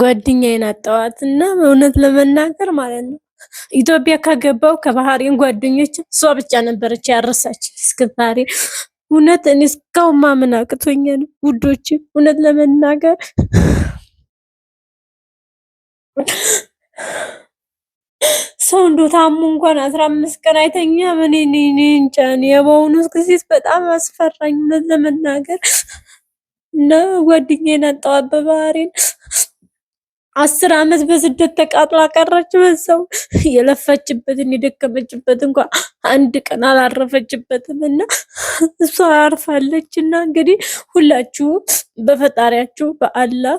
ጓደኛዬን አጣኋት እና እውነት ለመናገር ማለት ነው ኢትዮጵያ ከገባው ከባህሬን ጓደኞች እሷ ብቻ ነበረች ያረሳች እስከ እውነት እኔ እስካሁን ማመን አቅቶኛል ውዶች፣ እውነት ለመናገር ሰው እንዶ ታሙ እንኳን አስራ አምስት ቀን አይተኛ ምን እኔ እንጃ። የበውኑ ጊዜ በጣም አስፈራኝ እውነት ለመናገር እና ጓደኛዬን አጣኋት በባህሬን አስር አመት በስደት ተቃጥላ ቀረች። በዛው የለፈችበትን የደከመችበት እንኳ አንድ ቀን አላረፈችበትም እና እሷ አርፋለች። እና እንግዲህ ሁላችሁ በፈጣሪያችሁ በአላህ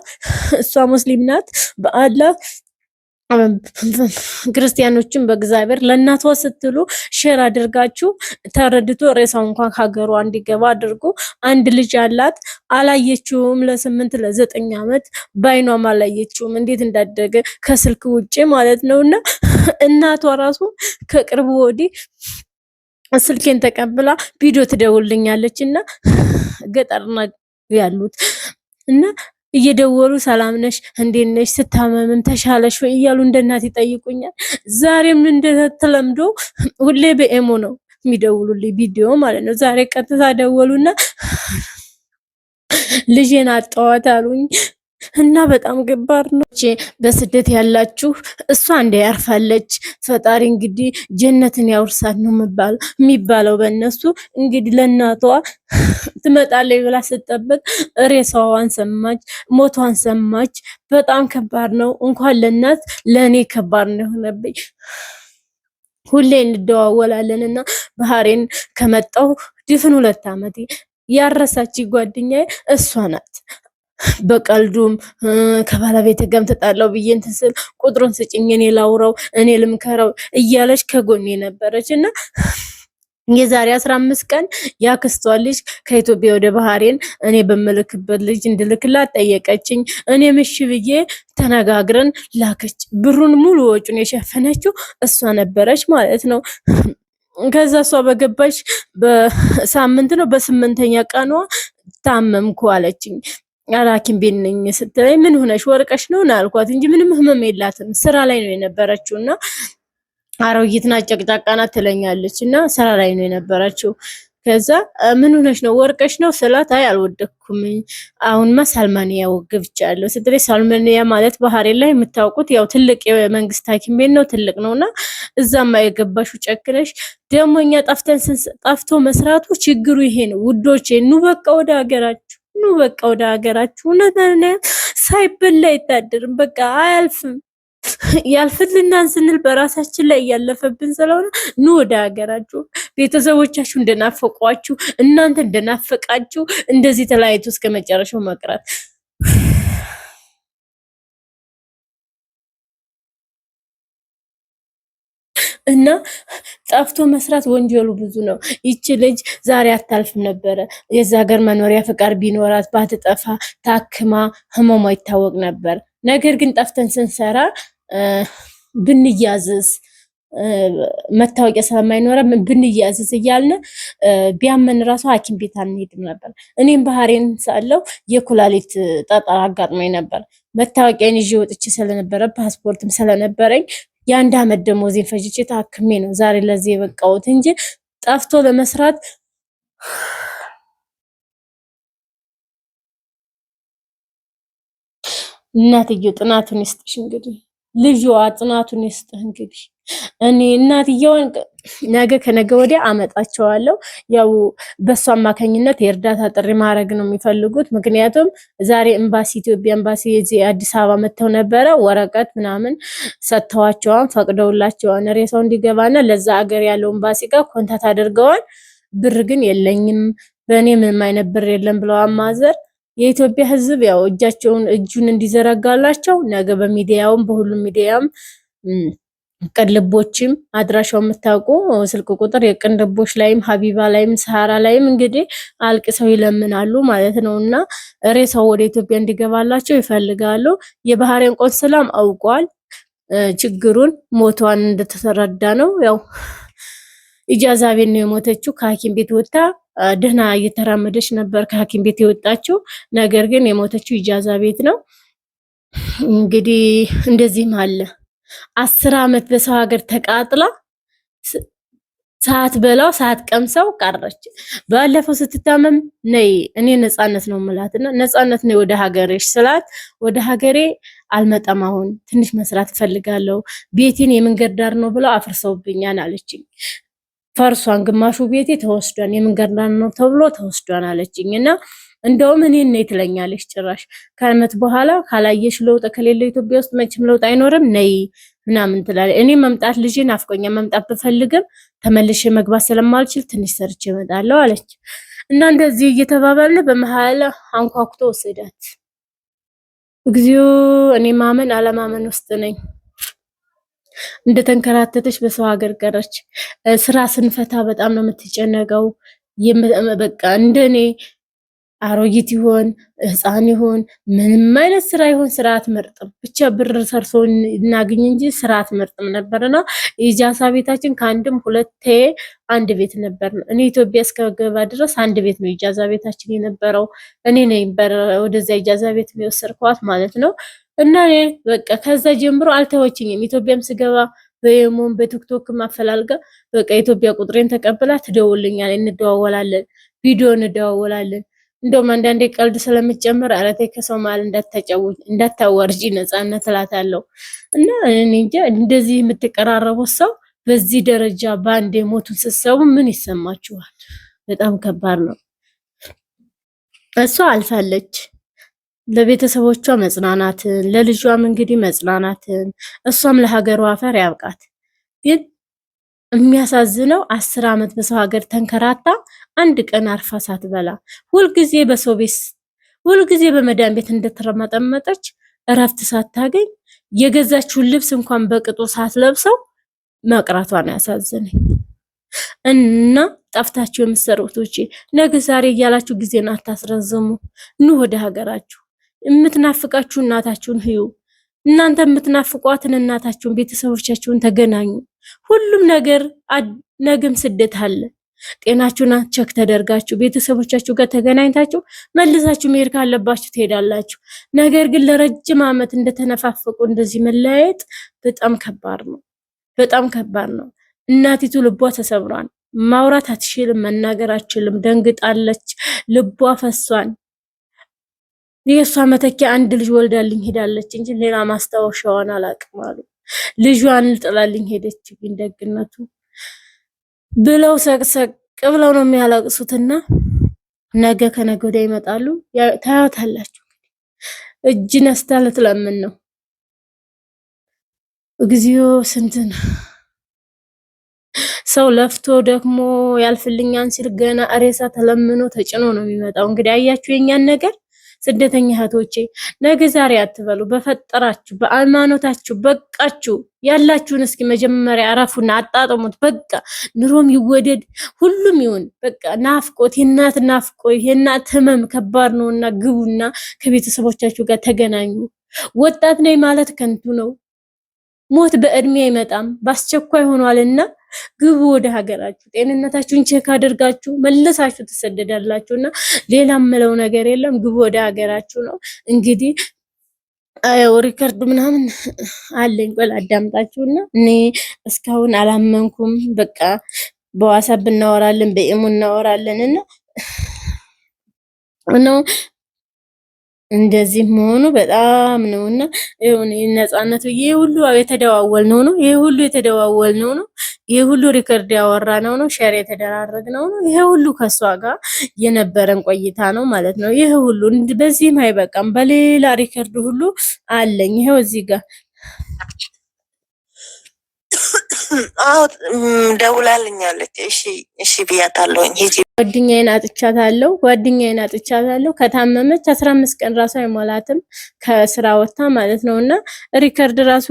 እሷ ሙስሊም ናት በአላህ ክርስቲያኖችን በእግዚአብሔር ለእናቷ ስትሉ ሼር አድርጋችሁ ተረድቶ ሬሳው እንኳን ከሀገሯ እንዲገባ አድርጉ። አንድ ልጅ አላት፣ አላየችውም። ለስምንት ለዘጠኝ ዓመት በአይኗም አላየችውም፣ እንዴት እንዳደገ ከስልክ ውጭ ማለት ነው። እና እናቷ ራሱ ከቅርቡ ወዲህ ስልኬን ተቀብላ ቪዲዮ ትደውልኛለች እና ገጠር ያሉት እና እየደወሉ ሰላም ነሽ፣ እንዴት ነሽ፣ ስታመምም ተሻለሽ ወይ እያሉ እንደ እናት ይጠይቁኛል። ዛሬም እንደተለምዶ ሁሌ በኤሞ ነው የሚደውሉልኝ ቪዲዮ ማለት ነው። ዛሬ ቀጥታ ደወሉና ልጄን አጣዋት አሉኝ። እና በጣም ገባር ነው። በስደት ያላችሁ እሷ እንደ ያርፋለች። ፈጣሪ እንግዲህ ጀነትን ያውርሳት ነው የሚባለው በእነሱ እንግዲህ። ለእናቷ ትመጣለች ብላ ስጠበቅ ሬሳዋን ሰማች፣ ሞቷን ሰማች። በጣም ከባድ ነው። እንኳን ለእናት ለእኔ ከባድ ነው የሆነብኝ። ሁሌ እንደዋወላለን እና ባህሬን ከመጣሁ ድፍን ሁለት ዓመቴ ያረሳች ጓደኛዬ እሷ ናት። በቀልዱም ከባለቤት ጋም ተጣላው ብዬ እንትን ስል ቁጥሩን ስጭኝ እኔ ላውራው እኔ ልምከረው እያለች ከጎኔ ነበረች እና የዛሬ 15 ቀን ያክስቷ ልጅ ከኢትዮጵያ ወደ ባህሬን እኔ በምልክበት ልጅ እንድልክላት ጠየቀችኝ። እኔ ምሽ ብዬ ተነጋግረን ላከች። ብሩን ሙሉ ወጪውን የሸፈነችው እሷ ነበረች ማለት ነው። ከዛ እሷ በገባች በሳምንት ነው በስምንተኛ ቀኗ ታመምኩ አለችኝ። አላኪም ቤት ነኝ ስትለኝ ምን ሆነሽ ወርቀሽ ነው አልኳት እንጂ ምንም ህመም የላትም ስራ ላይ ነው የነበረችው እና አሮጊት ናት ጨቅጫቃ ናት ትለኛለች እና ስራ ላይ ነው የነበረችው ከዛ ምን ሆነሽ ነው ወርቀሽ ነው ስላት አይ አልወደኩም አሁንማ ሳልማንያ ወገብቻለሁ ስትለኝ ሳልማንያ ማለት ባህሬን ላይ የምታውቁት ያው ትልቅ የመንግስት ሐኪም ቤት ነው ትልቅ ነውና እዛማ የገባሹ ጨክነሽ ደግሞ እኛ ጠፍተን ጠፍቶ መስራቱ ችግሩ ይሄ ነው ውዶቼ ኑ በቃ ወደ ሀገራችሁ ኑ በቃ ወደ ሀገራችሁ። እውነትን ሳይበላ አይታደርም። በቃ አያልፍም። ያልፍልናን ስንል በራሳችን ላይ እያለፈብን ስለሆነ ኑ ወደ ሀገራችሁ። ቤተሰቦቻችሁ እንደናፈቋችሁ፣ እናንተ እንደናፈቃችሁ እንደዚህ ተለያይቶ እስከ መጨረሻው መቅረት እና ጠፍቶ መስራት ወንጀሉ ብዙ ነው። ይቺ ልጅ ዛሬ አታልፍም ነበረ። የዛ ሀገር መኖሪያ ፈቃድ ቢኖራት ባትጠፋ ታክማ ህመሟ ይታወቅ ነበር። ነገር ግን ጠፍተን ስንሰራ ብንያዝስ መታወቂያ ስለማይኖረን ብንያዝስ እያልን ቢያመን ራሱ ሐኪም ቤት አንሄድም ነበር። እኔም ባህሬን ሳለው የኩላሊት ጠጠር አጋጥሞኝ ነበር። መታወቂያን ይዤ ወጥቼ ስለነበረ ፓስፖርትም ስለነበረኝ የአንድ አመት ደሞዜን ፈጅቼ ታክሜ ነው ዛሬ ለዚህ የበቃሁት እንጂ ጠፍቶ ለመስራት እናትዬ ጥናቱን ይስጥሽ እንግዲህ ልጅ ጽናቱን ይስጥህ። እንግዲህ እኔ እናትየውን ነገ ከነገ ወዲያ አመጣቸዋለሁ። ያው በሱ አማካኝነት የእርዳታ ጥሪ ማድረግ ነው የሚፈልጉት። ምክንያቱም ዛሬ ኤምባሲ ኢትዮጵያ ኤምባሲ እዚህ አዲስ አበባ መጥተው ነበረ። ወረቀት ምናምን ሰጥተዋቸዋን ፈቅደውላቸዋን ሬሳው እንዲገባና ለዛ አገር ያለው ኤምባሲ ጋር ኮንታት አድርገዋል። ብር ግን የለኝም በእኔ ምንም አይነት ብር የለም ብለው አማዘር የኢትዮጵያ ሕዝብ ያው እጃቸውን እጁን እንዲዘረጋላቸው ነገ በሚዲያውም በሁሉም ሚዲያም ቅንልቦችም አድራሻው የምታውቁ ስልክ ቁጥር የቅንልቦች ላይም ሀቢባ ላይም ሰሃራ ላይም እንግዲህ አልቅሰው ይለምናሉ ማለት ነው። እና ሬሳው ወደ ኢትዮጵያ እንዲገባላቸው ይፈልጋሉ። የባህሬን ቆንስላም አውቋል ችግሩን ሞቷን እንደተረዳ ነው። ያው ኢጃዛቤን ነው የሞተችው ከሐኪም ቤት ወጥታ ደህና እየተራመደች ነበር ከሐኪም ቤት የወጣችው። ነገር ግን የሞተችው ኢጃዛ ቤት ነው። እንግዲህ እንደዚህም አለ አስር አመት በሰው ሀገር ተቃጥላ ሰዓት በላው ሰዓት ቀምሰው ቀረች። ባለፈው ስትታመም ነይ እኔ ነፃነት ነው የምላት እና ነፃነት ነይ ወደ ሀገሬሽ ስላት ወደ ሀገሬ አልመጣም፣ አሁን ትንሽ መስራት እፈልጋለሁ፣ ቤቴን የመንገድ ዳር ነው ብለው አፍርሰውብኛል አለችኝ። ፈርሷን፣ ግማሹ ቤቴ ተወስዷን፣ የመንገድ ነው ተብሎ ተወስዷን አለችኝ እና እንደውም እኔን ነይ ትለኛለች። ጭራሽ ከዓመት በኋላ ካላየሽ ለውጥ ከሌለ ኢትዮጵያ ውስጥ መቼም ለውጥ አይኖርም ነይ ምናምን ትላለች። እኔ መምጣት ልጅ ናፍቆኛ መምጣት ብፈልግም ተመልሼ መግባት ስለማልችል ትንሽ ሰርቼ እመጣለሁ አለች እና እንደዚህ እየተባባልን በመሀል አንኳኩቶ ወሰዳት። እግዚኦ! እኔ ማመን አለማመን ውስጥ ነኝ። እንደተንከራተተች በሰው ሀገር ቀረች። ስራ ስንፈታ በጣም ነው የምትጨነቀው። በቃ እንደኔ አሮጊት ይሆን ህፃን ይሆን ምንም አይነት ስራ ይሆን ስራ አትመርጥም። ብቻ ብር ሰርሶ እናገኝ እንጂ ስራ አትመርጥም ነበርና የጃሳ ቤታችን ከአንድም ሁለቴ አንድ ቤት ነበር። እኔ ኢትዮጵያ እስከገባ ድረስ አንድ ቤት ነው የጃዛ ቤታችን የነበረው። እኔ ነኝ ወደዚያ የጃዛ ቤት የወሰድኳት ማለት ነው። እና በቃ ከዛ ጀምሮ አልተወችኝም። ኢትዮጵያም ስገባ በየሞን በቲክቶክ ማፈላልጋ በቃ ኢትዮጵያ ቁጥሬን ተቀብላ ትደውልኛል፣ እንደዋወላለን፣ ቪዲዮ እንደዋወላለን። እንደውም አንዳንዴ ቀልድ ስለምጨምር አረቴ ከሰው መሀል እንዳታወርጂ ነፃነት እላታለሁ። እና እኔ እንጃ እንደዚህ የምትቀራረቡት ሰው በዚህ ደረጃ በአንድ የሞቱን ስትሰቡ ምን ይሰማችኋል? በጣም ከባድ ነው። እሷ አልፋለች። ለቤተሰቦቿ መጽናናትን፣ ለልጇም እንግዲህ መጽናናትን፣ እሷም ለሀገሯ አፈር ያብቃት። ግን የሚያሳዝነው አስር ዓመት በሰው ሀገር ተንከራታ አንድ ቀን አርፋ ሳትበላ ሁልጊዜ በሰው ቤት ሁልጊዜ በመዳን ቤት እንደተረመጠመጠች እረፍት ሳታገኝ የገዛችውን ልብስ እንኳን በቅጡ ሳትለብሰው መቅራቷን ያሳዝነኝ እና ጠፍታችሁ የምትሰሩት ውጪ ነገ ዛሬ እያላችሁ ጊዜን አታስረዝሙ። ኑ ወደ ሀገራችሁ። የምትናፍቃችሁ እናታችሁን ህዩ። እናንተ የምትናፍቋትን እናታችሁን፣ ቤተሰቦቻችሁን ተገናኙ። ሁሉም ነገር ነገም ስደት አለ። ጤናችሁን ቸክ ተደርጋችሁ ቤተሰቦቻችሁ ጋር ተገናኝታችሁ መልሳችሁ መሄድ ካለባችሁ ትሄዳላችሁ። ነገር ግን ለረጅም ዓመት እንደተነፋፈቁ እንደዚህ መለያየት በጣም ከባድ ነው፣ በጣም ከባድ ነው። እናቲቱ ልቧ ተሰብሯል። ማውራት አትችልም፣ መናገር አትችልም፣ ደንግጣለች፣ ልቧ ፈሷል። የእሷ መተኪያ አንድ ልጅ ወልዳልኝ ሄዳለች እንጂ ሌላ ማስታወሻዋን አላቅም አሉ። ልጇን ጥላልኝ ሄደች። ግን ደግነቱ ብለው ሰቅሰቅ ብለው ነው የሚያለቅሱትና ነገ ከነገ ወዲያ ይመጣሉ። ታያታላችሁ። እጅ ነስታ ልትለምን ነው። እግዚኦ ስንት ነው ሰው ለፍቶ ደግሞ ያልፍልኛን ሲል ገና ሬሳ ተለምኖ ተጭኖ ነው የሚመጣው። እንግዲህ አያችሁ የኛን ነገር ስደተኛ እህቶቼ ነገ ዛሬ አትበሉ። በፈጠራችሁ በሃይማኖታችሁ በቃችሁ። ያላችሁን እስኪ መጀመሪያ አረፉና አጣጥሙት። በቃ ኑሮም ይወደድ ሁሉም ይሁን። በቃ ናፍቆት፣ የእናት ናፍቆ የእናት ህመም ከባድ ነውና ግቡና ከቤተሰቦቻችሁ ጋር ተገናኙ። ወጣት ነኝ ማለት ከንቱ ነው። ሞት በእድሜ አይመጣም፣ በአስቸኳይ ሆኗልና ግቡ ወደ ሀገራችሁ፣ ጤንነታችሁን ቼክ አድርጋችሁ መለሳችሁ ትሰደዳላችሁ። እና ሌላ ምለው ነገር የለም፣ ግቡ ወደ ሀገራችሁ ነው። እንግዲህ ሪከርዱ ምናምን አለኝ፣ ቆል አዳምጣችሁና እኔ እስካሁን አላመንኩም። በቃ በዋሳብ እናወራለን፣ በኢሙ እናወራለን እና ነው እንደዚህ መሆኑ በጣም ነው እና ነጻነት ይሄ ሁሉ የተደዋወል ነው ነው ይሄ ሁሉ የተደዋወል ነው ነው ይሄ ሁሉ ሪከርድ ያወራ ነው ነው ሸር የተደራረግ ነው ነው ይሄ ሁሉ ከሷ ጋር የነበረን ቆይታ ነው ማለት ነው። ይሄ ሁሉ በዚህም አይበቃም፣ በሌላ ሪከርድ ሁሉ አለኝ ይሄው እዚህ ጋር አዎ ደውላልኛለች። እሺ እሺ ብያታለሁኝ። ጓደኛዬን አጥቻታለሁ፣ ጓደኛዬን አጥቻታለሁ። ከታመመች አስራ አምስት ቀን ራሱ አይሞላትም ከስራ ወጥታ ማለት ነው። እና ሪከርድ ራሱ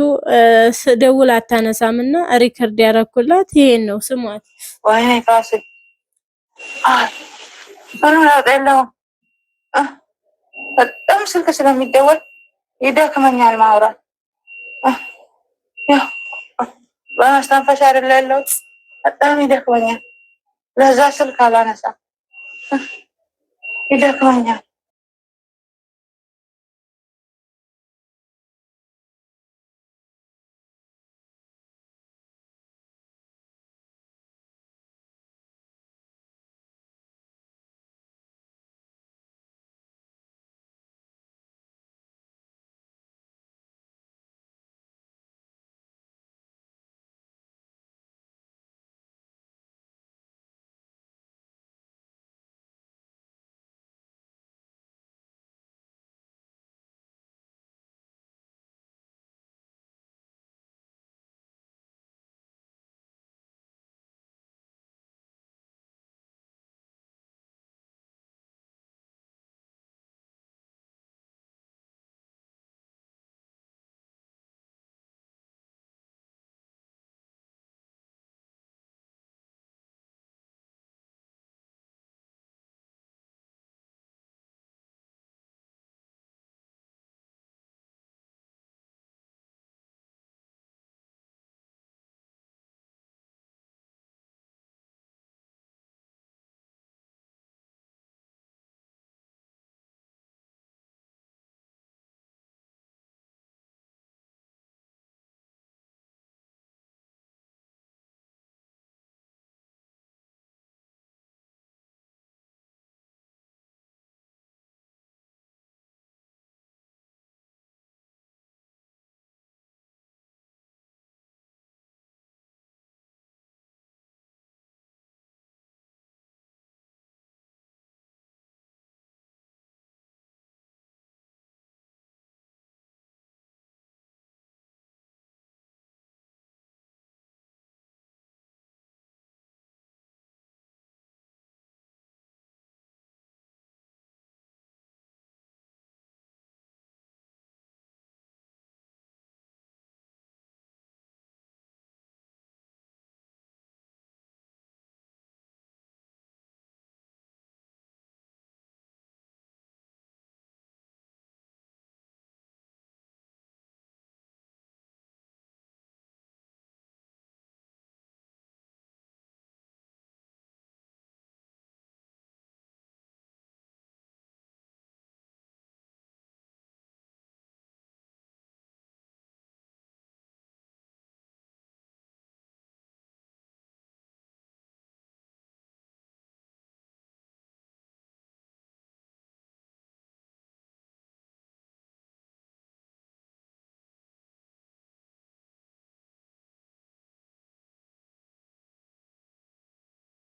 ደውል አታነሳም። እና ሪከርድ ያረኩላት ይሄን ነው ስሟት። ወይኔ ራሴ በጣም ስልክ ስለሚደወል ይደክመኛል ማውራት በማስተንፈሻ አይደለ ያለሁት። በጣም ይደክመኛል። ለዛ ስልክ አላነሳም፣ ይደክመኛል